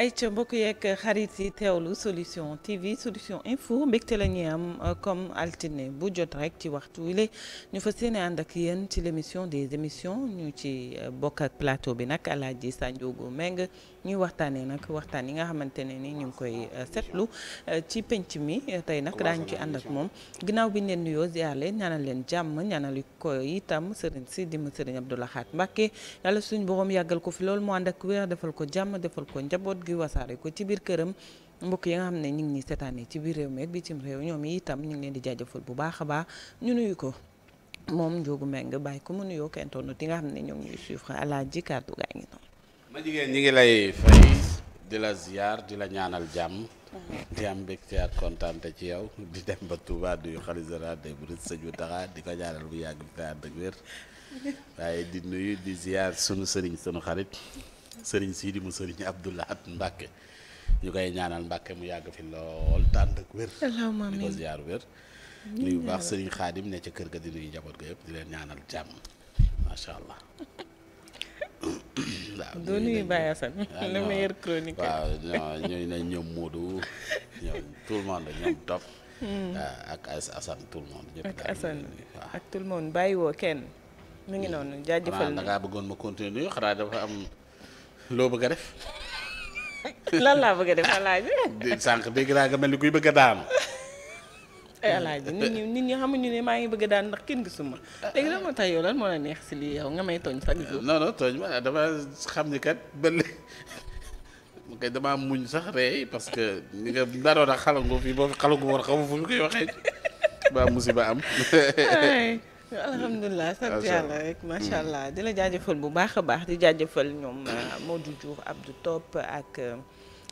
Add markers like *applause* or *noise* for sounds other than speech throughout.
ayca mbokk yeeg xarit yi teewlu solution TV solution info mbégte la ñuy am euh, comme altine bu jot rek ci waxtu wile ñu fa yéene ànd ak yéen ci l'émission des émissions ñu ci euh, bokk ak plateau bi nag Alaaji Sanjoogu nga ñuy waxtaanee nag waxtaan yi nga xamante ne ni ñu ngi koy euh, seetlu ci penc mi tey nag daañu ci ànd ak moom ginnaaw bi ñu leen nuyoo ziar leen leen jàmm ñaanal ko itam sëriñ si di ma sëriñ Abdou Lahad Mbacké yàlla suñu borom yàggal ko fi loolu mu ànd ko jàmm defal di wasaare ko ci biir këram mbokk yi nga xam ne ñu ngi ñuy seetaanee ci biir réew mi ak bitim réew ñoom itam ñu ngi leen di jaajëfal bu baax a baax ñu nuyu ko moom Ndiogou Mbengue bàyyi ko mu nuyoo kentoon ti nga xam ne ñoo ngi ñuy suivre Alaaji kàddu gaa ngi noonu. ma jigéen ñi ngi lay fay di la ziar di la ñaanal jàmm. di am mbégte ak kontaante ci yow di dem ba Touba du xarit Zara de Brousse Sëñ Taxa di ko ñaanal bu yàgg fi ànd ak wér waaye di nuyu di ziar sunu sëriñ sunu xarit. sëriñ di mu sëriñ Abdoulahat Mbacke ñu koy ñaanal Mbacke mu yàgg fi lool tànd ak wér. allahumma bu baax sëriñ Xaadim ne ca kër ga di nuyu njaboot ga yëpp di leen ñaanal jàmm macha allah. *coughs* waaw doo nuyu Baye Assane ah, le meilleur chroniqueur waaw ñooy nañ ñoom Modou *laughs* ñoom tout le monde ñoom Top. Hmm. Ah, ak Assane tout le monde. ñëpp ak Assane ak tout le monde bàyyiwoo kenn. mu ngi hmm. noonu jaajëfal na da ngaa bëggoon ma continuer xanaa dafa am. loo bëgg a def. *laughs* lan laa bëgg a def alaaji. *laughs* sànq dégg naa nga mel ni kuy bëgg a daanu. ay *laughs* eh, alaaji nit ñi nit ñi xamuñu ne maa ngi bëgg a daan ndax kenn gisuma ah, léegi ah. lan moo tax yow lan moo la neex si lii yow nga may tooñ sax. Eh, non non tooñ ma dama xam ni kat bële mu koy damaa muñ sax rey parce que ni nga daanoo nag xalangu fii boo fi xalangu woon xamu fu ñu koy waxee ba am. alhamdulilah sant yàlla rek macha mm. allah di la jaajëfal bu baax a baax di jaajëfal ñoom euh, Modou Diouf Abdou Top ak euh,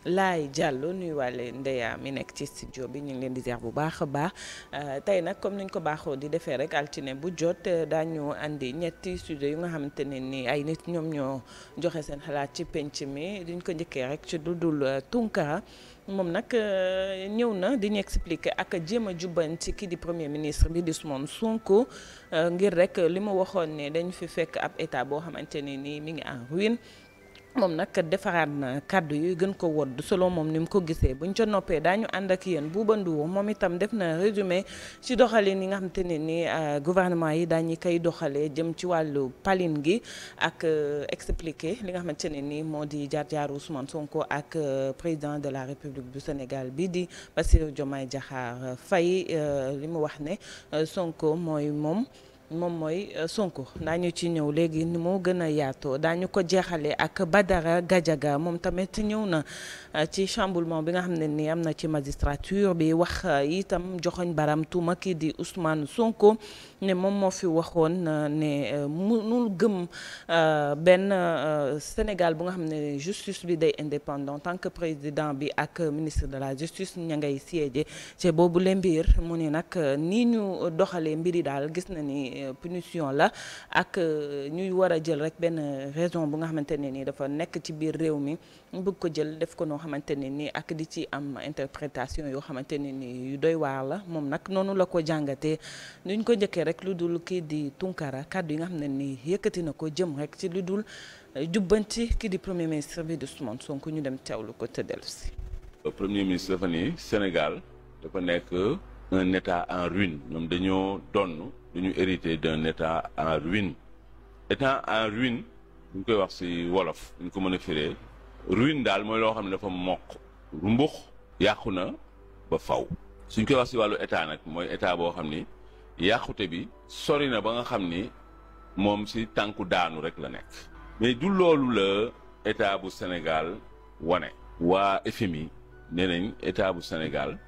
Laay Diallo nuyuwaale ndeyaam mi nekk ci studio bi ñu ngi leen di ziar bu baax a baax euh, tey nag comme niñ ko baaxoo di defee rek altine bu jot daañu andi ñetti studio yu nga xamante ne ni ay nit ñoom ñoo joxe seen xalaat ci penc mi duñ ko njëkkee rek ci dudul Tunkara moom nag euh, ñëw na di ñu expliquer ak jéem a jubbanti kii di premier ministre bi di Ousmane Sonko euh, ngir rek li ma waxoon ne dañu fi fekk ab état boo xamante ne nii mi ngi en ruine. moom nag defaraat na kàddu yu gën ko wodd solo moom ni mu ko gisee buñ ca noppee daañu ànd ak yéen Bouba Ndour moom itam def na résumé ci doxalin yi nga xamante ne ni euh, gouvernement yi daañu koy doxalee jëm ci wàllu paline gi ak euh, expliquer li nga xamante ne ni moo di jaar-jaaru Ousmane Sonko ak euh, président de la République du Sénégal bi di Bassirou Diomaye Diakhar Faye li mu wax ne Sonko mooy moom. moom mooy euh, Sonko daañu ci ñëw léegi ni moo gën a yaato daañu ko jeexale ak Badara Gajaga moom tamit ñëw na euh, ci chamboulement bi nga xam ne ni am na ci magistrature bi wax euh, itam joxoñ baram tuuma kii di Ousmane Sonko ne moom moo fi waxoon ne munul gëm benn Sénégal bu nga xam ne justice bi day indépendant tant que président bi ak ministre de la justice ña ngay siège ci boobu le mbir mu ne nag nii ñu doxalee mbiri daal gis na ni ne euh, punition la ak euh, ñuy war jël rek benn raison bu nga xamante ne nii dafa nekk ci biir réew mi ñu bëgg ko jël def ko noo xamante ne nii ak di ci am interprétation yoo xamante ne nii yu doy waar la moom nag noonu la ko jàngatee nuñ ko njëkkee rek lu dul kii di Tunkara kàddu yi nga xam ne nii yëkkati na ko jëm rek ci lu dul euh, jubbanti kii di premier ministre bi di Ousmane Sonko ñu dem teewlu ko te dellu si. premier ministre dafa ni Sénégal dafa nekk un état en dañu hérité d'un état en ruine état en ruine ñu koy wax ci wolof ñu ko mën a daal mooy loo xam ne dafa mokk rumbux yàqu na ba faw suñ koy wax ci wàllu état nag mooy état boo xam ni yàqute bi sori na ba nga xam ni moom ci tànku daanu rek la nekk mais du loolu état bu Sénégal wane waa FMI nee nañ état bu Sénégal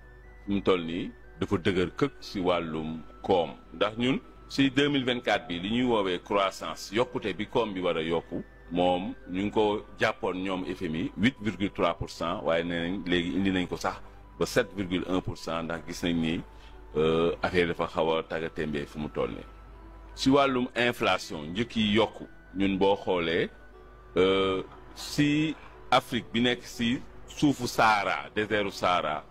fi toll nii dafa dëgër këkk ci wàllum koom ndax ñun si 2024 bi li ñuy woowee croissance yokkute bi koom bi war a yokku moom ñu ngi ko jàppoon ñoom FMI 8,3 pour cent waaye nee nañ léegi indi nañ ko sax ba 7,1 pour cent ndax gis nañ ni euh, affaire dafa xaw a tagga témbee fu mu toll nii si wàllum inflation njëkk yi yokku ñun boo xoolee euh, si Afrique bi nekk si suufu Sahara désertu Sahara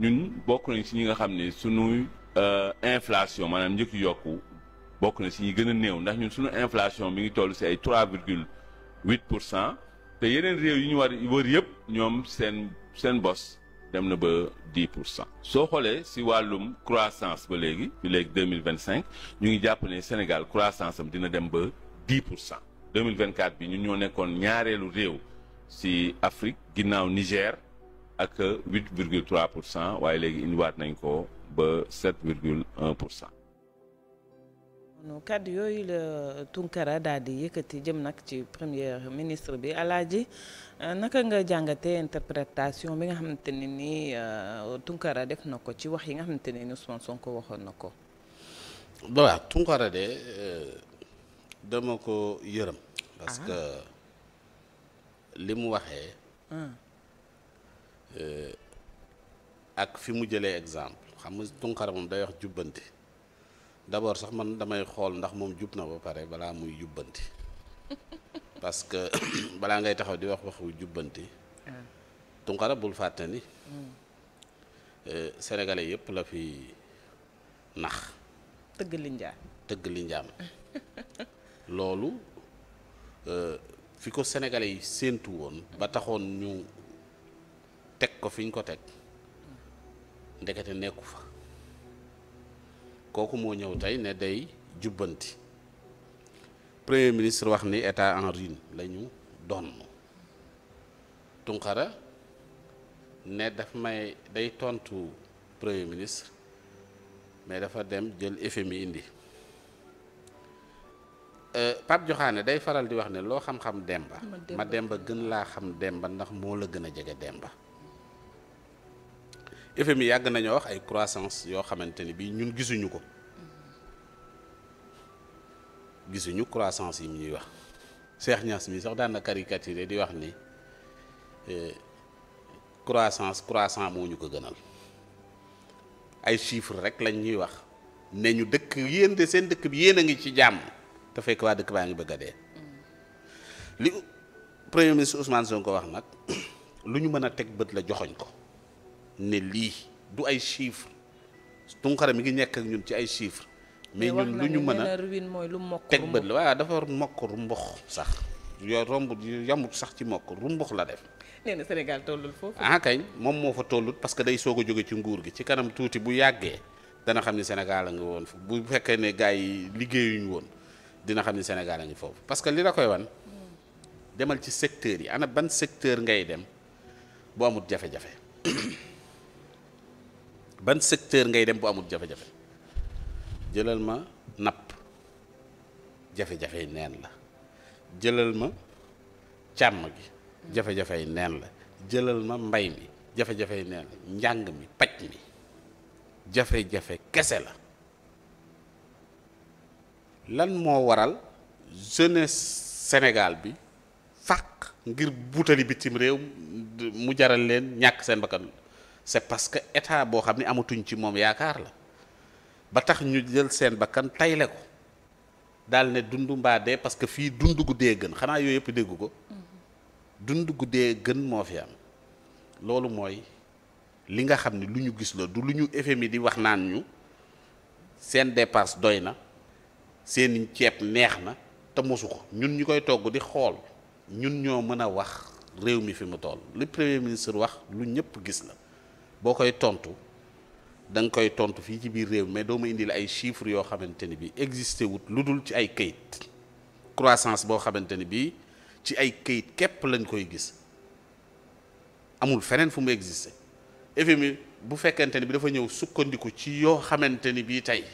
ñun bokk nañ si ñi nga xam ne sunuy Euh, inflation maanaam njëkk yokk bokk na si ñi gën a néew ndax ñu suñu inflation mi ngi toll si ay trois virgule huit pour cent te yeneen réew yi ñu war wër yëpp ñoom seen seen bos dem na ba dix pour soo xoolee si wàllum croissance ba léegi fi léegi deux mille vingt cinq ñu ngi jàpp ne Sénégal croissance am dina dem ba dix pour cent. deux mille vingt quatre bi ñu ñoo nekkoon ñaareelu réew si Afrique ginnaaw Niger ak huit virgule trois pour cent waaye léegi indiwaat nañ ko. ba sept virgule un yooyu la Tunkara daal di yëkkati jëm nag ci premier ministre bi Alaaji euh, naka nga jàngatee interprétation bi nga xamante ne nii euh, Tunkara def na ko ci wax yi nga xamante ne ni Ousmane Sonko waxoon na ko. voilà Tunkara de euh, dama ko yërëm. parce que ah. li mu waxee. Ah. ak fi mu jëlee exemple. xam nga Tunkara moom day wax jubbanti d'abord sax man damay xool ndax moom jub na ba pare balaa muy jubbanti *laughs* parce que *clears throat* balaa ngay taxaw di wax waxu jubbanti. Ah. Tunkara bul fàtte ni. Mm. Eh, sénégalais yëpp la fi nax. tëgg li tëgg li njaam loolu eh, fi ko sénégalais yi séentu woon. ba taxoon ñu teg ko fi ñu ko teg. ndekete nekku fa kooku moo ñëw tey ne day jubbanti premier ministre wax ni état en ruine la ñu donn Tunkara ne daf may day tontu premier ministre mais dafa dem jël FMI indi euh, Pape joxaane day faral di wax ne loo xam-xam Demba ma Demba gën laa xam Demba ndax moo la gën a jege Demba mi yàgg nañoo wax ay croissance yoo xamante ni bii ñun gisuñu ko gisuñu croissance yi ñuy wax Cheikh Niass mi sax daan na caricature di wax ni eh, croissance croissant moo ñu ko gënal ay chiffres rek lañ ñuy wax ne ñu dëkk yéen de seen dëkk bi yéen a ngi ci jàmm te fekk waa dëkk baa ngi bëgg a dee li premier ministre Ousmane Sonko ko wax nag *clears throat* lu ñu mën a teg bët la joxoñ ko ne lii du ay chiffres Tounkara mi ngi nekk ak ñun ci ay chiffres. mais ñun lu ñu mën a teg bët la waaw dafa mokk rumbox sax yoo romb yamut sax ci mokk rumbox la def. nee na Sénégal tollul ah moom moo fa tollut parce que day soog a jógee ci nguur gi ci kanam tuuti bu yàggee dana xam ni Sénégal a ngi woon bu fekkee ne gars yi liggéeyuñu woon dina xam ne Sénégal a ngi foofu parce que li la koy wan demal ci secteur yi ana ban secteur ngay dem bu amut jafe-jafe. *coughs* ban secteur ngay dem bu amul jafe-jafe jëlal ma napp jafe-jafey neen la jëlal ma càmm gi jafe-jafey neen la jëlal ma mbay mi jafe-jafey neen la njàng mi paj mi jafe-jafe kese la lan moo waral jeunesse Sénégal bi fàq ngir buutali bitim réew mu jaral leen ñàkk seen bakkan c'est parce que état boo xam ne amatuñ ci moom yaakaar la ba tax ñu jël seen bakkan tayle ko daal ne dund mbaa dee parce que fii dund guddee gën xanaa yooyu yëpp dégg ko dund guddee gën moo fi am loolu mooy li nga xam ne lu ñu gis la du lu ñu FMI di wax naan ñu seen dépense doy na seen ceeb neex na te mosu ko ñun ñu koy togg di xool ñun ñoo mën a wax réew mi fi mu toll li premier ministre wax lu ñëpp gis la boo koy tontu da nga koy tontu fii ci biir réew mais doo ma indil ay chiffres yoo xamante ni bii existé wut lu dul ci ay kayit croissance boo xamante ni bii ci ay kayit képp lañ koy gis amul feneen fu mu existé FMI bu fekkente ni bi dafa ñëw sukkandiku ci yoo xamante ni bii tey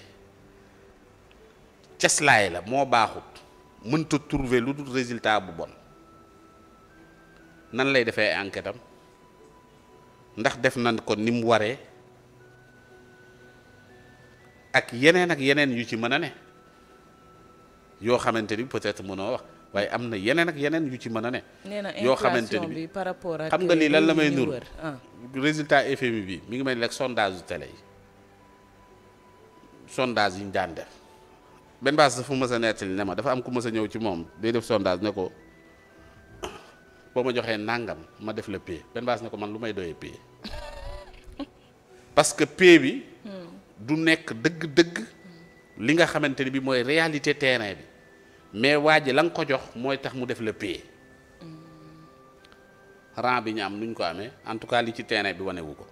ceslaay la moo baaxut mënta trouver lu dul résultat bu bon nan lay defee enquête am ndax def na ko ni mu waree ak yeneen ak yeneen yu ci mën a ne yoo xamante ni peut-être mënoo wax waaye am na yeneen ak yeneen yu ci mën a ne. yoo xamante ni bi par rapport ak xam nga lii lan la may nur ah. résultat FMI bi mi ngi mel ni rek sondage yu télé yi sondage yi ñu daan def benn baas dafa mës a nettali ne ma dafa am ku mës a ñëw ci moom day def sondage ne ko. boo ma joxee nangam ma def la paie benn baas ne ko man lu may doyee paie parce que paie bi hmm. du nekk dëgg-dëgg li nga xamante ni bi mooy réalité terrain bi mais waa ji la nga ko jox mooy tax mu def la paie hmm. rang bi ñu am nuñ ko amee en tout cas li ci terrain bi wanewu ko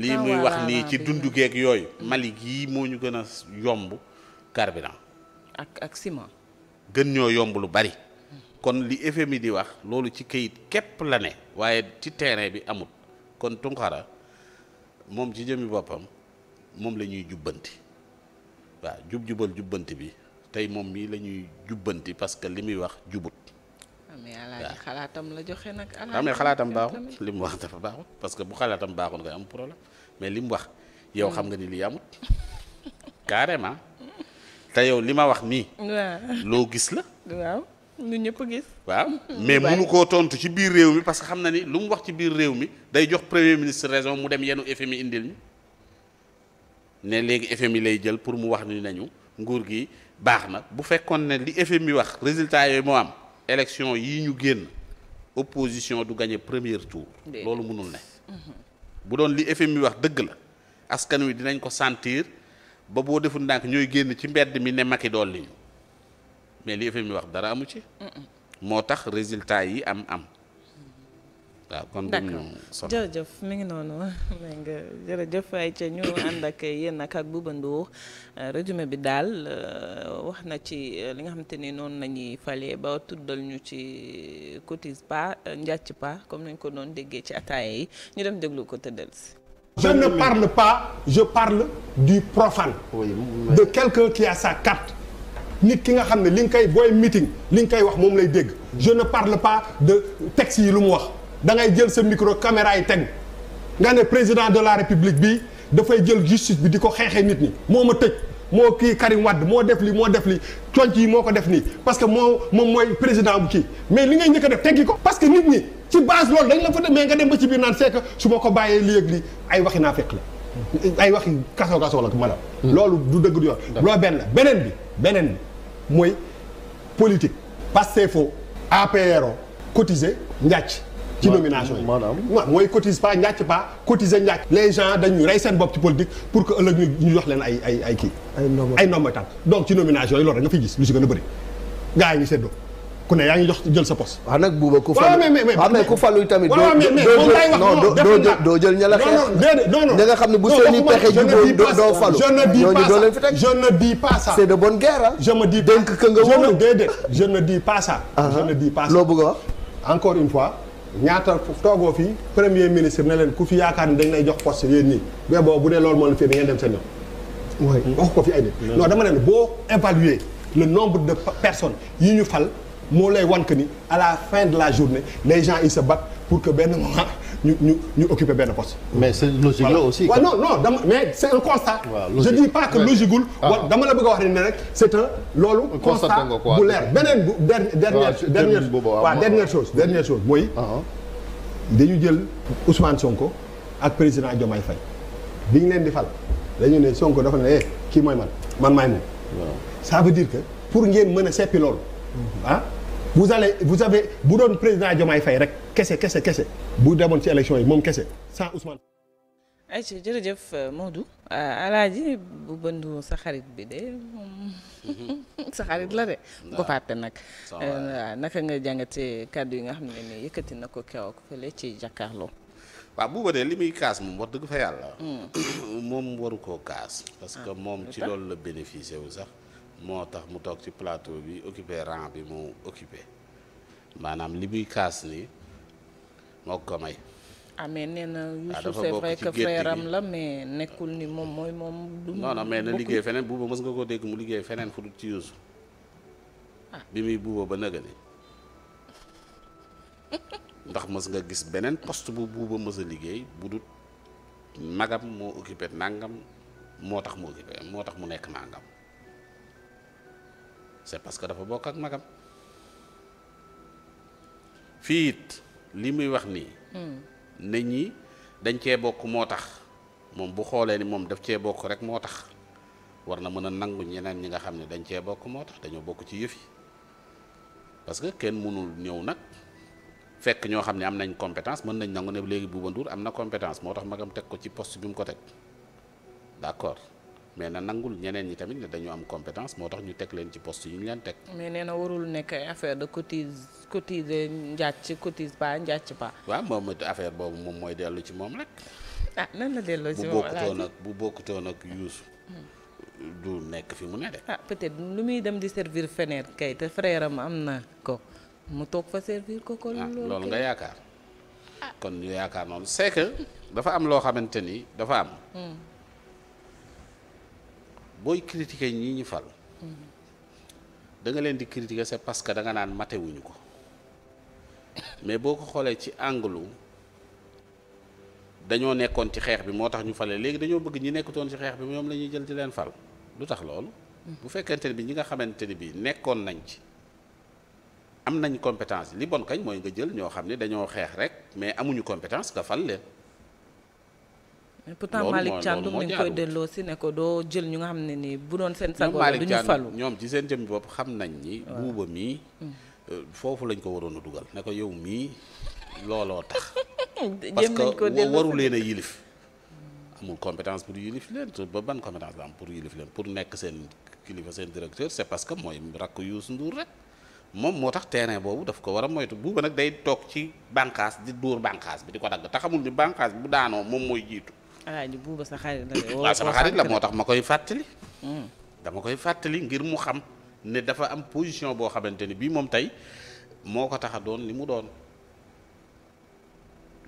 lii muy wax nii ci dundu geeg yooyu hmm. Mali gii moo ñu gën a yomb carburant ak ak ciment gën ñoo yomb lu bari kon li FMI di wax loolu ci kayit képp la ne waaye ci terrain bi amut kon Tunkara moom ci jëmi boppam moom la ñuy jubbanti waaw jub-jubal jubbanti bi tey moom mii la ñuy jubbanti parce que li muy wax jubut ah, mais alaaji xalaatam la joxe nag alaaji ah, xalaatam baaxut li mu wax dafa baaxut parce que bu xalaatam baaxul nga am problème mais li mu wax yow xam nga ni lii amut *laughs* carrément te yow li ma wax nii *laughs* loo gis la ñu ñëpp gis. waaw *laughs* mais mënu koo tontu ci biir réew mi parce que xam na ni lu mu wax ci biir réew mi day jox premier ministre raison mu dem yenu FMI indil ñu ne léegi FMI lay jël pour mu wax ni nañu nguur gi baax na bu fekkoon ne li FMI wax résultat yooyu moo am élection yi ñu génn opposition du gagné premier tour. loolu mënul ne. Mhm. bu doon li FMI wax dëgg la askan wi dinañ ko sentir ba boo deful ndànk ñooy génn ci mbedd mi ne Macky dolli ñu mais li FMI wax dara amu ci. moo tax résultat yi am am. waaw kon bu ñu jërëjëf mi ngi noonu dégg *laughs* nga jërëjëf ay ca ñu ànd ak yéen ak ak Bouba Ndour euh, résumé bi daal euh, wax na ci euh, li nga xamante ni noonu la ñuy ba tuddal ñu ci cotise pas njàcc pa comme nañ ko doon déggee ci ataaya yi ñu dem déglu ko tëddal si. je ne parle pas je parle du profane. de quelqu'un qui a sa nit ki nga xam ne li nga koy booy meeting li nga koy wax moom lay dégg je ne parle pas de texte yi lu mu wax dangay jël sa micro caméra yi teg nga ne président de la république bi dafay jël justice bi di ko xeexee nit ñi moo ma tëj moo kii Karim Wade moo def li moo def li conc yi moo ko def nii parce que moo moom mooy président bu kii mais li ngay njëkk a def teggi ko parce que nit ñi ci base loolu dañ la fa demee nga dem ba ci biir naan c'est su ma ko bàyyee lii ak lii ay waxi naa fekk la ay waxi kaso kaso la ko maanaam hmm. loolu du dëgg du yoon loolu benn beneen bi beneen bi mooy politique Pastefo APRO cotiser njàcc ci nomination yi maanaam mooy cotise pas njàcc pas cotiser njàcc les gens dañu rey seen bopp ci politique pour que ëllëg ñu ñu jox leen ay ay ay kii ay ndombo tànk donc ci nomination yi loolu rek fi fiy gis lu si gën a bëri gars yi ñu seddoo ku ne yaa ngi jox jël sa poste. waaw ah, nag buuba ku falu waaw ah, mais ku falu tamit. doo jël ña la xeex. non nga xam ne bu seen i pexe jubóo doo falu. je ne dis pas ça doo leen fi teg ne dis pas ça. c'est de bonne guerre ah. je me dis ah, loo bëgg wax. encore une fois ñaata toogoo fii premier ministre ne leen ku fi yaakaar ni dañ lay jox poste yéen nii mais boobu bu dee loolu moo leen fi da ngeen dem seen yoon. wax ko fi ay nit. non dama ne boo évaluer le nombre de personnes yi ñu fal moo lay wan que ni à la fin de la journée les gens ils se battent pour que benn moment *laughs* ñu ñu ñu occuper benn poste. mais c'est logique là aussi. waaw dama mais c'est un constat. je dis pas que logiqueul. waaw ah. dama la bëgg a wax ne rek c'est un. loolu constat bu leer beneen bu dernière dernière waaw dernière chose dernière chose mooy. Ah, ah. dañu jël Ousmane Sonko ak président Diomaye Faye bi ñu leen di fal dañu ne Sonko dafa ne eh kii mooy man man maay moom. ça veut dire que pour ngeen mën a seppi loolu ah. vous allez vous avez bu doon président Diomaye fay rek kese kese kese bu demoon ci élection yi moom kese sans Ousmane. ayca jërëjëf euh, Modou euh, alaaji bu bëndu sa xarit bi de *laughs* sa xarit la de. bu ko fàtte euh, naka nga jàngatee kàddu yi nga xam ne nii yëkkati na ko keroog fële ci jàkkaarloo. waaw bu boobaa li muy kaas moom wax dëgg fa yàlla. Hmm. *coughs* moom waru koo kaas. parce ah, que moom ci loolu la bénéficié wu sax. moo tax mu toog ci plateau bi occupé rang bi mu occupé maanaam li muy kaas ni moo ko may. amee ah, mais nee na ah, Youssou c'est vrai que frère am la mais nekkul ni moom mooy moom. du non non mais na liggéey feneen buuba mës nga ko dégg mu liggéey feneen fu dul ci Youssou. Ah. bi muy buuba ba nëga ndax mës nga gis beneen poste bu buuba mës a liggéey bu dul nagam moo occupé nangam moo tax mu occupé moo tax mu nekk nangam. c'est parce que dafa bokk ak magam fii it li muy wax nii hmm. nit ñi dañ cee bokk moo tax moom bu xoolee ni moom daf cee bokk rek moo tax war na mën a nangu ñeneen ñi nga xam ne dañ cee bokk moo tax dañoo bokk ci yëf yi parce que kenn mënul ñëw nag fekk ñoo xam ne am nañ compétence mën nañ nangu ne léegi Bouba Ndour am na compétence moo tax magam teg ko ci post bi mu ko teg d'accord mais na nangul ñeneen ñi tamit ne dañu am compétence moo tax ñu teg leen ci post yu ñu leen teg. mais nee na warul nekk affaire de cotise cotise njàcc cotise ba njàcc ba. waaw moom affaire boobu moom mooy dellu ci moom rek. ah nan la delloo ci moom bu bokkutoon ak Youssou hmm. du nekk fi mu ne de. ah peut-être lu muy dem di servir feneen kay te frère am na ko mu toog fa servir ko. kon ah, loolu nga yaakaar. Ah. kon ñu yaakaar noonu c'est que dafa am loo xamante ni dafa am. Hmm. booy critiquer ñi ñu fal danga leen di critiquer c'est parce que da nga naan matewuñu ko mais boo ko xoolee ci angle dañoo nekkoon ci xeex bi moo tax ñu fale léegi dañoo bëgg ñi nekkutoon ci xeex bi ñoom lañuy jël di leen fal lu tax loolu bu fekkente ne bi ñi nga xamante ne bi nekkoon nañ ci am nañ compétence li bon kañ mooy nga jël ñoo xam ne dañoo xeex rek mais amuñu compétence nga fal leen mais pourtant Malick Thiandoum ni nga delloo si ne ko doo jël ñu nga xam ne nii bu doon seen sago du ñu falu ñoom ci seen jëm bopp xam nañ ni buuba mii mm. euh, foofu lañ ko waroon dugal ne ko yow mii looloo tax *laughs* parce que waru leen a yilif amul compétence pour yilif leen ba ban compétence la am pour yilif pour nekk seen kilifa seen directeur c'est parce que mooy rakk Youssou Ndour rek moom moo tax terrain boobu daf ko war a moytu buuba nag day toog ci bànqaas di dóor bànqaas bi di ko dagg te xamul ni bànqaas bu daanoo moom mooy jiitu alaaji buuba sa xarit la waaw sama xarit la moo tax ma koy fàttali. Hmm. dama koy fàttali ngir mu xam ne dafa am position boo xamante ni bii moom tey moo ko tax a doon li mu doon.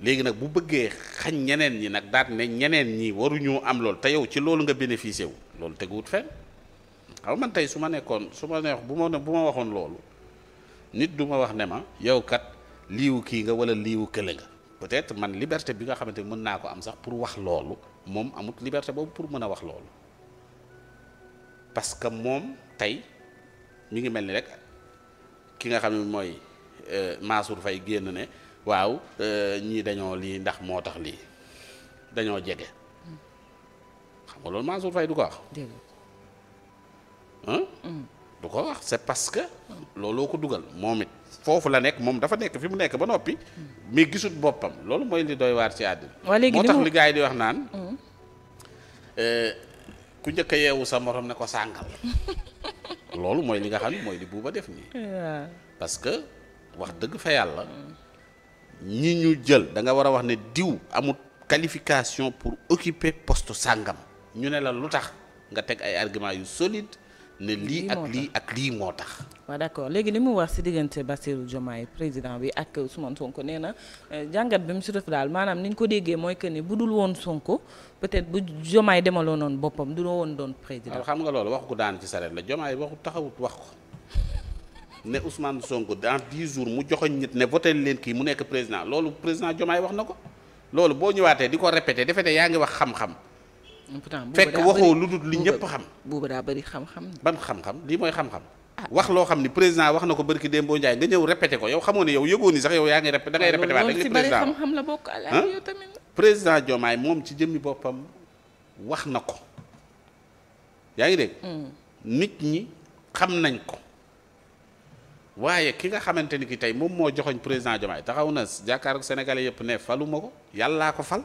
léegi nag bu bëggee xañ ñeneen ñi nag daat ne ñeneen ñi waruñu am loolu te yow ci loolu nga bénéficié wu loolu teguwut fenn xaw man tey su ma nekkoon su ma neex bu ma ne bu ma waxoon loolu nit du ma wax ne ma yow kat liiwu kii nga wala liiwu kële nga. peut-être man liberté bi nga xamante ni mën naa ko am sax pour wax loolu moom amut liberté boobu pour mën a wax loolu parce que moom tey mi ngi mel ni rek ki nga xam ne mooy euh, Mansour fay génn ne waaw euh, ñii dañoo lii ndax moo tax lii dañoo jege xam nga loolu Mansour Faye du ko wax. Mm. du ko wax c'est parce que mm. looloo ko dugal moom it. foofu la nekk moom dafa nekk fi mu nekk ba noppi mais gisut boppam loolu mooy li doy waar ci àddina moo tax li di wax naan mm. eh, ku njëkk a yeewu sa morom ne ko sàngal *laughs* loolu mooy li nga xam ne mooy li buuba def nii parce que wax dëgg fa yàlla ñi ñu jël da nga war a wax ne diw amut qualification pour occuper poste sàngam ñu ne la lu tax nga teg ay argument yu solide ne lii ak lii ak lii moo tax waa d'accord léegi li mu wax ci diggante Bassirou Diomaye président bi ak Ousmane Sonko nee na euh, jàngat bi mu si def daal maanaam ni ñu ko déggee mooy que ni bu dul woon Sonko peut-être bu Diomaye demaloo noonu boppam du woon doon président. xam nga loolu waxu ko daan ci sareet la Diomaye waxu taxawut wax ko ne Ousmane sonk dans dix jours mu joxoñ nit ne voté leen kii mu nekk président loolu président Diomaye wax na ko loolu boo ñëwaatee di ko répété defe yaa ngi wax xam-xam. pourtant fekk waxoo lu dul li ñëpp xam. boobu daa bëri xam ban xam-xam lii mooy xam-xam. wax loo xam ni président wax na ko barki Dembo Ndiaye nga ñëw répété ko yow xamoo ne yow yëgoo ni sax yow yaa ngi répété da ngay répété waat rek président xam bokk yow tamit président Diomaye moom ci jëmmi boppam na ko yaa ngi dégg hmm. ñi xam nañ ko waaye ki nga xamante ni ki tey moom moo joxoñ président Diomaye taxaw na jàkkaarloog sénégalais yëpp ne faluma ko yàllaa ko fal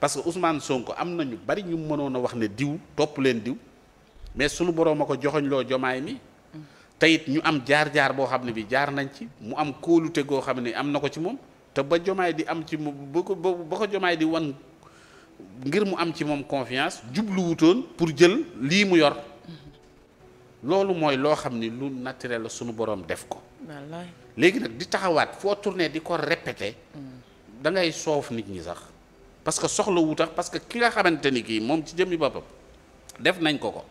parce que Ousmane Sonko am na ñu bari ñu mënoon a wax ne diw topp leen diw mais sunu borom a ko joxoñ loo jomaay mi te it ñu am jaar-jaar boo xam ne bi jaar nañ ci mu am kóolute goo xam ne am na ko ci moom te ba jomaay di am ci ba ko ba ko jomaay di wan ngir mu am ci moom confiance jubluwutoon pour jël lii mu yor loolu mooy loo xam ni lu naturel la sunu borom def ko. léegi di taxawaat foo tourné di ko répété. Mm. da ngay soof nit ñi sax parce que soxla wu tax parce que ki nga xamante ni kii moom ci jëmmi boppam def nañ ko ko.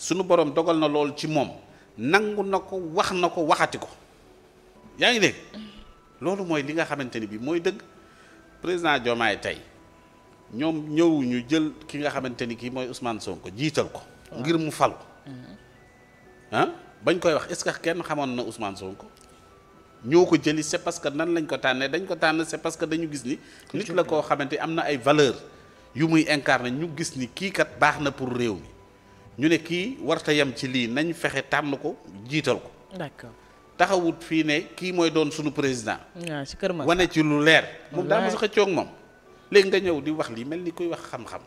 sunu borom dogal na lool ci moom nangu na ko wax na ko waxati ko yaa ngi dégg loolu mooy li nga xamante ni bi mooy dëgg président Diomaye tey ñoom ñëwuñu ñu jël ki nga xamante ni kii mooy usmaan Ousmane ko jiital ko ngir mu fal mm-hmm. ah bañ koy wax est-ce que kenn xamoon na Ousmane ko ñoo ko jëli c'est parce que nan lañ ko tànnee dañ ko tànn c'est parce que dañu gis ni nit la koo xamante am na ay valeur yu muy incarner ñu gis ni kiikat baax na pour réew mi ñu ne kii warta yem ci lii nañ fexe tànn ko jiital ko. d'accord taxawut fii ne kii mooy doon sunu président. waaw si kër wane ci lu leer. moom daa mos a xëccoo moom. léegi nga ñëw di wax lii mel ni kuy wax xam-xam.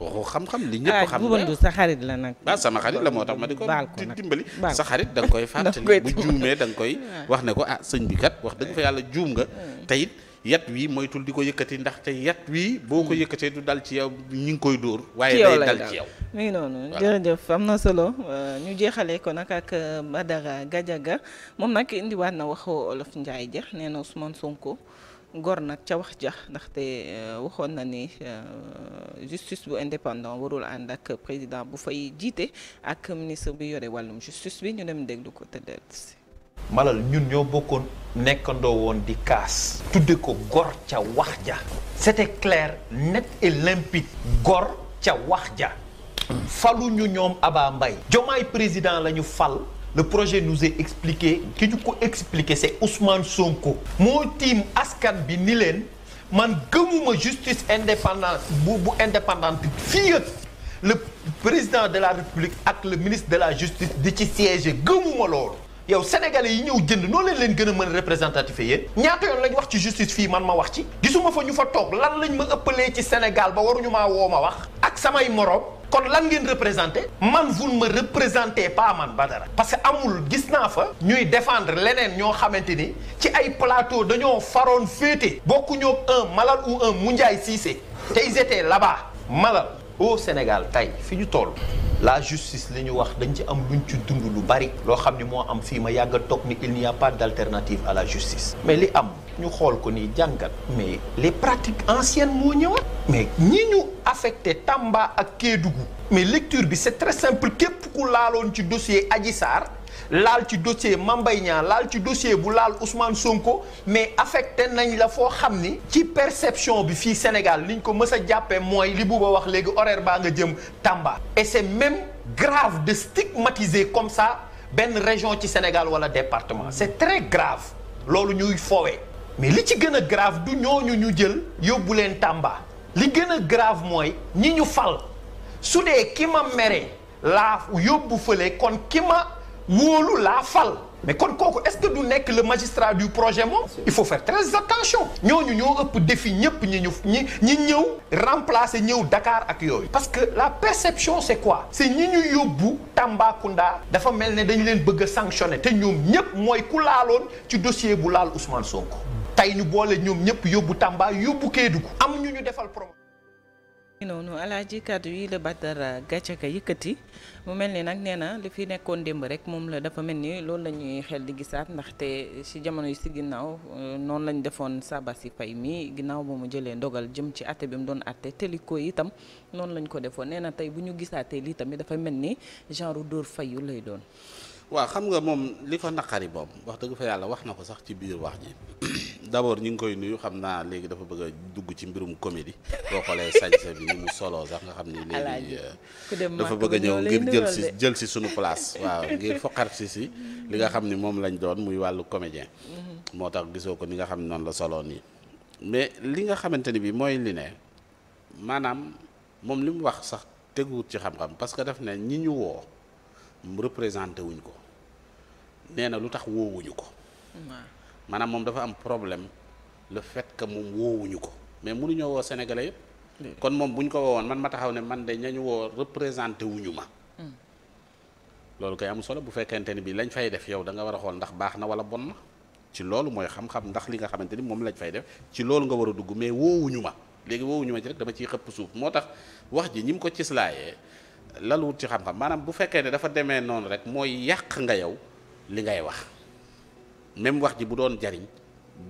waxu xam-xam li ñëpp ah, xam nga sa xarit la nag. waaw sama xarit la moo tax ma di ko dimbali sa xarit da nga koy *laughs* fàttali bu juumee da nga koy *laughs* wax ne ko ah sëñ bi kat wax dëgg fa yàlla juum nga hmm. teyit yat wii moytul di ko yëkkati ndax te yat wi boo ko hmm. yëkkatee du dal ci yow ñu ngi koy dóor waaye day dal ci yow mi ngi noonu jërëjëf am na solo euh, ñu jeexalee ko nag ak euh, Badara Gadiaga moom nag indiwaat na waxu Olof Ndiaye jax nee na Ousmane Sonko gor nag ca wax jax ndaxte euh, waxoon na ni justice bu indépendant warul ànd ak président bu fay jiite ak ministre bi yore wàllum justice bi ñu dem déglu ko te dellusi malal ñun ñoo bokkoon nekkandoo woon di kaas tudde ko gor ca wax ja c'était clair net et limpide gor ca wax ja faluñu ñoom Aba Mbaye jomaay président la ñu fal le projet nous est expliqué ki ñu ko expliqué c'est Ousmane sonk moo tiim askan bi ni leen man gëmuma justice indépendante bu indépendante fii ak le président de la république ak le ministre de la justice di ci siège gëmuma loolu yow sénégalais yi ñëw jënd noo leen leen gën a mën représentatif yéen ñaata yoon lañ wax ci justice fii man ma wax ci gisuma fa ñu fa toog lan lañ ma ëppalee ci Sénégal ba waruñu maa woo ma wax ak samay moroom kon lan ngeen représenté man vous ma me représentez pas man Badara parce que amul gis naa fa ñuy défendre leneen ñoo xamante ni ci ay plateau dañoo faroon féete bokkuñoo ak un Malal ou un Moundiaye Cissé te ils étaient là Malal au Sénégal tey fi ñu tool la justice li ñu wax dañ ci am luñ ci dund lu bari loo xam ni moo am fii ma yàgg a toog ni il n'y a pas d'alternative à la justice mais li am ñu xool ko nii jàngat mais les pratiques anciennes moo ñëwaat mais ñi ñu affecté Tamba ak Kédougou mais lecture bi c'est très simple képp ku laaloon ci dossier Adji Sarr laal ci dossier Mame Mbaye Niang laal ci dossier bu laal Ousmane Sonko mais affecté nañ la foo xam ni ci perception bi fii Sénégal liñ ko mës a jàppee mooy li bu Bouba wax léegi horaire baa nga jëm Tamba et c'est même grave de stigmatiser comme ça benn région ci Sénégal wala département c'est très grave loolu ñuy foowee mais li ci gën a grave du ñooñu ñu jël yóbbu leen Tamba li gën a grave mooy ñi ñu fal su dee ki ma mere laa yóbbu fële kon ki ma wóolu laa fal mais kon kooku est-ce que du nekk le magistrat du projet moom il faut faire très attention ñooñu ñoo ëpp défi ñëpp ñi ñu ñi ñëw remplacer ñëw dakaar ak yooyu parce que la perception c'est quoi c'est ñi ñu yóbbu Tambacounda dafa mel ne dañu leen bëgg a sanctionner te ñoom ñëpp mooy ku laaloon ci dossier bu laal Ousmane Sonko tey ñu boole ñoom ñëpp yóbbu Tamba yóbbu Kédougou am ñu ñu defal promo noonu alaaji kàddu yi la Badara Gacaka yëkkati mu mel ni nag nee na li fi nekkoon démb rek moom la dafa mel ni loolu la ñuy xel di gisaat ndaxte ci jamono yi ci ginnaaw euh, noonu lañ defoon Sabassy Faye mi ginnaaw ba mu jëlee ndogal jëm ci àtte bi mu doon àtte teliko yi itam noonu lañ ko defoon nee na tey bu ñu gisaatee lii tamit dafa mel ni genre dóor fayu lay doon waaw xam nga moom li ko naqari boobu wax dëgg fa yàlla wax na ko sax ci biir wax ji *clears throat* d'abord ñu ngi koy nuyu xam naa léegi dafa bëgg a dugg ci mbirum comédie boo xoolee sañse bi ni mu solo sax nga xam ni léegi euh, dafa bëgg a ñëw ngir jël si jël si suñu place *laughs* waa ngir foqar si si li nga xam ni moom lañ doon muy wàllu comédien mm-hmm. moo tax gisoo ko ni nga xam ne noonu la solo nii mais li nga xamante ni bi mooy li ne maanaam moom li mu wax sax teguwut ci xam-xam parce que daf ne ñi ñu woo représenté wuñ ko nee na lu tax woowuñu ko. Hmm. maanaam moom dafa am problème la fait que moom woowuñu ko mais mënuñoo woo sénégalais yëpp. kon moom bu ñu ko woowoon man ma taxaw ne man de ñañu woo représenté wuñu ma. Hmm. loolu koy am solo bu fekkente ni bii lañ fay def yow da nga war a xool ndax baax na wala bon na ci loolu mooy xam-xam ndax li nga xamante ni moom lañ fay def ci loolu nga war a dugg mais woowuñu ma léegi woowuñu ma ci rek dama ciy xëpp suuf moo tax wax ji ñim ko cislaayee laluwut ci xam-xam maanaam bu fekkee ne dafa demee noonu rek mooy yàq nga yow. li ngay wax même wax ji bu doon jariñ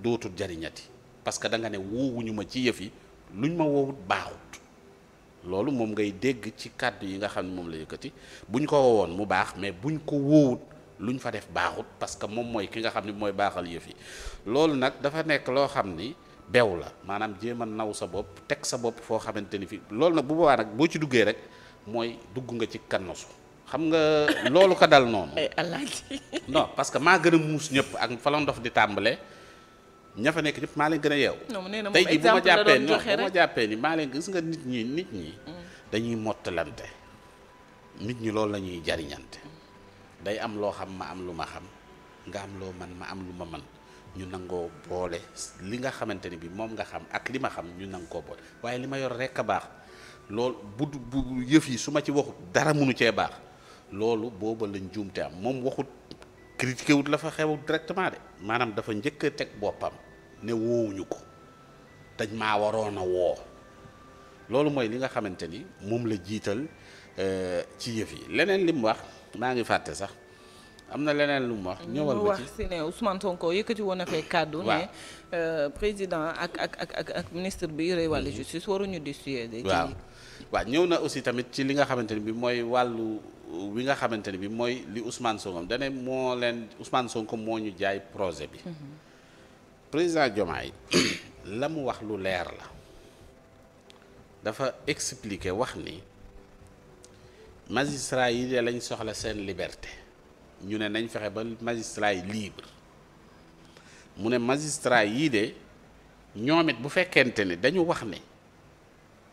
dootul jariñati parce que da nga ne woowuñu ma ci yëfi yi luñ ma woowut baaxut loolu moom ngay dégg ci kàddu yi nga xam ne moom la yëkkati buñ ko woowoon mu baax mais buñ ko woowut luñ fa def baaxut parce que moom mooy ki nga xam ne mooy baaxal yëf loolu nag dafa nekk loo xam ni bew la maanaam jéem a naw sa bopp teg sa bopp foo xamante ni fi loolu nag bu boobaa nag boo ci duggee rek mooy dugg nga ci kannosu xam nga loolu ko dal noonu. non parce que maa gën a muus ñëpp ak fa la di tàmbale ña fa nekk ñëpp maa leen gën a yeew. tey jii bu ma jàppee non bu ma jàppee ni maa leen gis nga nit ñi nit ñi. Mm. dañuy mottalante nit ñi loolu la ñuy jariñante day am loo xam ma am lu ma xam nga am loo man ma am lu ma man ñu nangoo boole li nga xamante ni bi moom nga xam ak li ma xam ñu nangoo boole waaye li ma yor rekk a baax loolu bu bu yëf yi su ma ci waxut dara mënu cee baax. loolu booba lañ juumte am moom waxut critiqué wut la fa xew directement de maanaam dafa njëkk a teg boppam ne woowuñu ko dañ maa waroon a woo loolu mooy li nga xamante ni moom la jiital euh, ci yëf yi leneen li mu wax maa ngi fàtte sax am na leneen lu mu wax ñëwal ba wax si ne Ousmane Sonko yëkkati woon na fee kàddu ne euh, président ak ak ak ak ministre bi yore wàllu justice waruñu di suyee de waaw waa ñëw na aussi tamit ci li nga xamante ne bi mooy wàllu wi nga xamante ne bi mooy li Ousmane Sonko dane moo leen Ousmane Sonko moo ñu jaay projet bi mhm. président Diomaye *coughs* la mu wax lu leer la dafa expliquer wax ni magistrat yi de lañ soxla seen liberté ñu ne nañ fexe ba magistrat yi libre mu ne magistrat yii de ñoomit bu fekkente ni dañu wax ni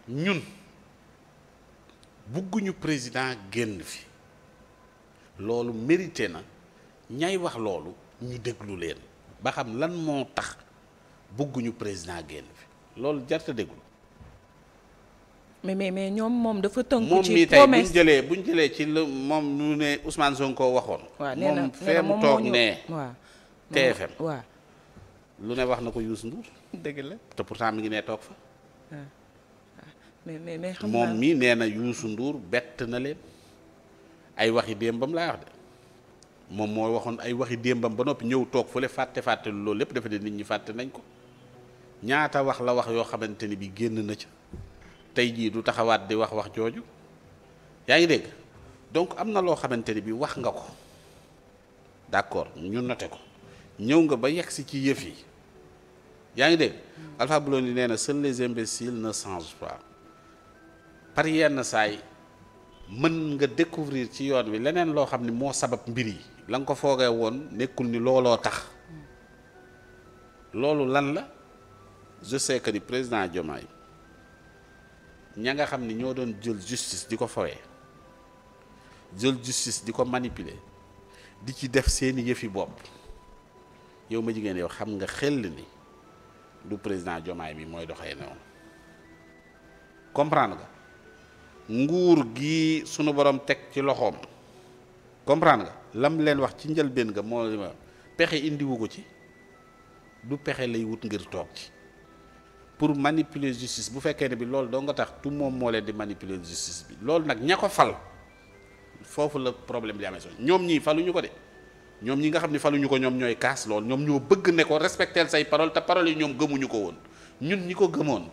ñun bugguñu président génn fi loolu mérité na ñay wax loolu ñu déglu leen ba xam lan moo tax bugguñu président génn fi loolu jarta déglu mais mais mais ñoom moom dafa tënku ci promesse moom jëlee bu jëlee ci la moom ñu ne Ousmane Sonko waxoon. waaw moom fee mu toog nee. waaw TFM. lu ne wax na ko Youssou Ndour. dëgg la te pourtant mi ngi ne toog fa. Ah. mais mais mais xam moom mii nee na Youssou Ndour bett na leen ay waxi démbam laa wax de moom moo waxoon ay waxi démbam ba noppi ñëw toog fële fàtte fàtte loolu lépp dafa de nit ñi fàtte nañ ko ñaata wax la wax yoo xamante ni bi génn na ca tey jii du taxawaat di wax wax jooju yaa ngi dégg donc am na loo xamante ni bi wax nga ko d'accord ñu noté ko ñëw nga ba yegg si ci yëf yi yaa ngi dégg Alpha Blondy nee na seuls les imbéciles na changent pas par yenn saay mën nga découvrir ci yoon wi leneen loo xam ne moo sabab mbir yi la nga ko foogee woon nekkul ni looloo tax loolu lan la je sais que ni président Diomaye ña nga xam ni ñoo doon jël justice di ko fowee jël justice di ko manipuler di ci def seeni yëfi bopp yow ma jigéen yow xam nga xel ni du président jomaa bi mooy doxee noonu comprendre nga nguur gi sunu borom teg ci loxoom comprendre nga lam leen wax ci njëlbeen nga moo pexe indiwu ko ci du pexe lay wut ngir toog ci pour manipuler justice bu fekkee ne bi loolu doo nga tax tout moom moo leen di manipuler justice bi loolu nag ña ko fal foofu la problème bi amee soo ñoom ñii faluñu ko de ñoom ñi nga xam ne faluñu ko ñoom ñooy kaas lool ñoom ñoo bëgg ne ko respecteel say parole te parole yi ñoom gëmuñu ko woon ñun ñi ko gëmoon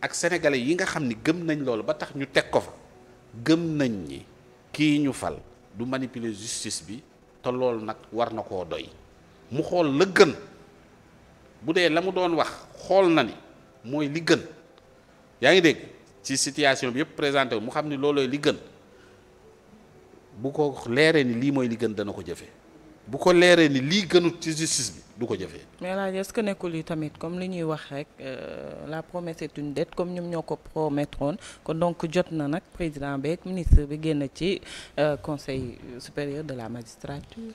ak sénégalais yi nga xam ni gëm nañ loolu ba tax ñu teg ko fa gëm nañ ni kii ñu fal du manipuler justice bi te loolu nag war na koo doy mu xool la gën bu dee la mu doon wax xool na ni mooy li gën yaa ngi dégg ci situation bi yëpp présenté wu mu xam ni loolooy li gën bu ko leeree ni lii mooy li gën dana ko jëfe bu ko leeree ni lii gënut ci justice bi du ko jëfee. mais laaj est-ce que nekkul yi tamit comme li ñuy wax rek euh, la promesse est une dette comme ñoom ñoo ko promettroon kon donc jot na nag président beeg ministre bi génn ci euh, conseil supérieur de la magistrature.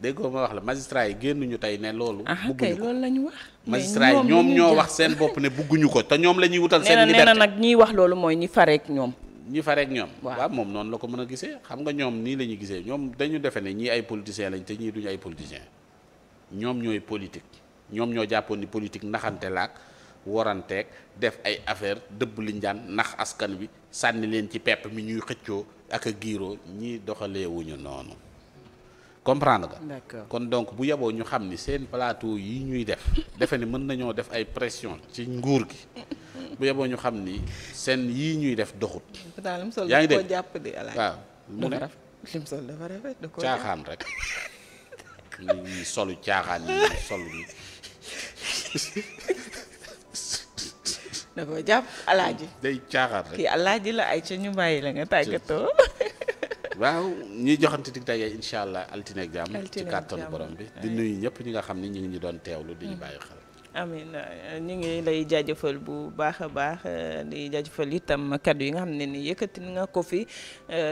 déggoo ma wax la magistrat yi génnuñu tey ne loolu. Ah, bugguñu ko loolu la ñu wax. magistrat yi ñoom ñoo wax seen bopp ne bugguñu ko te ñoom la ñuy wutal. seen liberté nee na nag ñiy wax loolu mooy ñi fareek ñoom. ñi fareek ñoom. waaw moom noonu la ko mën a gisee xam nga ñoom nii la ñuy gisee ñoom dañu defe ne ñii ay lañ te ñii duñu ay ñoom ñooy politique ñoom ñoo jàppoon ni politique naxante laak waranteeg def ay affaire dëbb liñ daan nax askan wi sànni leen ci pepp mi ñuy xëccoo ak a giiroo ñi doxaleewuñu noonu comprendre nga kon donc bu yeboo ñu xam ni seen palaatu yi ñuy def defe ne mën nañoo def ay pression ci nguur gi bu yeboo ñu xam ni seen yii ñuy def doxut yaa ngi dégg waaw mu ne caaxaan rek ñi solu caaxaan ñi solu bi da ko jàpp alaaji day caaxaan rek kii ji la ay ca ñu bàyyi la nga tàggatoo waaw ñuy joxante dig daje incha allah altine ak jàmm ci kàttanu borom bi di nuyu ñëpp ñi nga xam ne ñu ngi ñu doon teewlu di ñu mm. bàyyi xel amiin ñu ngi lay jaajëfal bu baax a baax di jaajëfal itam kaddu yi nga xam ne ni yëkkati nga ko fi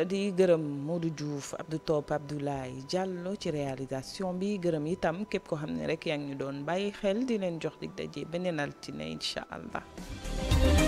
di gërëm moo Modou Diouf Abdou Top Abdoulaye Diallo ci réalisation bi gërëm itam képp ko xam ne rek yaa ngi ñu doon bàyyi xel di leen jox dig daje beneen altine incha allah.